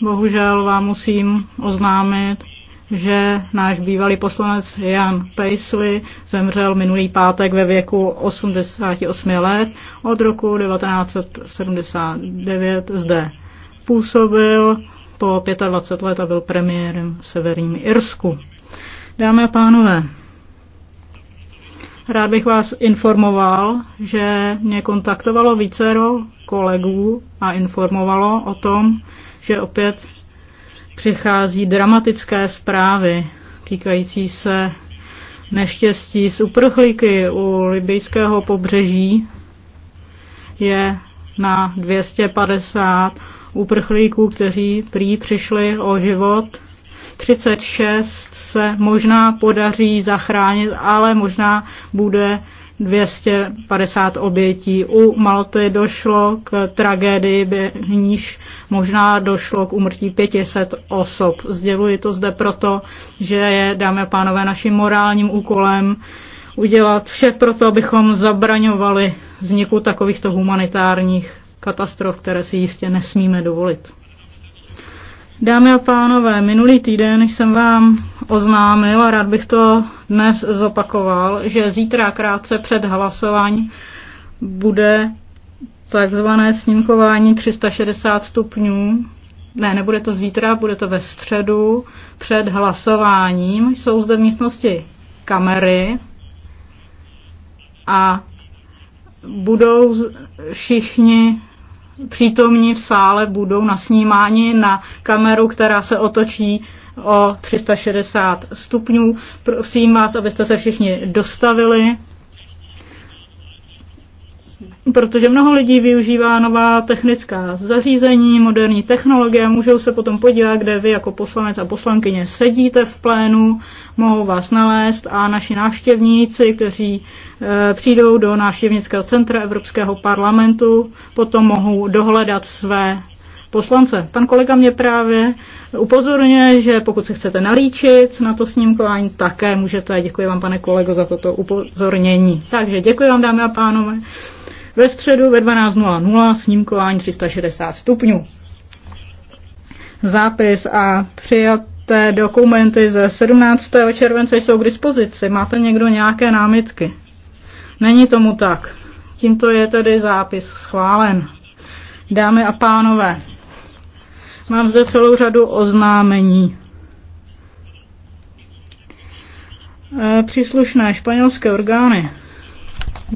Bohužel vám musím oznámit, že náš bývalý poslanec Jan Paisley zemřel minulý pátek ve věku 88 let. Od roku 1979 zde působil po 25 let a byl premiérem v Severním Irsku. Dámy a pánové, rád bych vás informoval, že mě kontaktovalo vícero kolegů a informovalo o tom, že opět přichází dramatické zprávy týkající se neštěstí z uprchlíky u libijského pobřeží. Je na 250 uprchlíků, kteří prý přišli o život. 36 se možná podaří zachránit, ale možná bude 250 obětí. U Malty došlo k tragédii, níž možná došlo k umrtí 500 osob. Sděluji to zde proto, že je, dámy a pánové, naším morálním úkolem udělat vše proto, abychom zabraňovali vzniku takovýchto humanitárních katastrof, které si jistě nesmíme dovolit. Dámy a pánové, minulý týden jsem vám oznámil a rád bych to dnes zopakoval, že zítra krátce před hlasování bude takzvané snímkování 360 stupňů. Ne, nebude to zítra, bude to ve středu před hlasováním. Jsou zde v místnosti kamery a budou všichni přítomní v sále, budou nasnímáni na kameru, která se otočí o 360 stupňů. Prosím vás, abyste se všichni dostavili, protože mnoho lidí využívá nová technická zařízení, moderní technologie, můžou se potom podívat, kde vy jako poslanec a poslankyně sedíte v plénu, mohou vás nalézt a naši návštěvníci, kteří e, přijdou do návštěvnického centra Evropského parlamentu, potom mohou dohledat své poslance. Pan kolega mě právě upozorňuje, že pokud se chcete nalíčit na to snímkování, také můžete. Děkuji vám, pane kolego, za toto upozornění. Takže děkuji vám, dámy a pánové. Ve středu ve 12.00 snímkování 360 stupňů. Zápis a přijaté dokumenty ze 17. července jsou k dispozici. Máte někdo nějaké námitky? Není tomu tak. Tímto je tedy zápis schválen. Dámy a pánové, Mám zde celou řadu oznámení. Eh, příslušné španělské orgány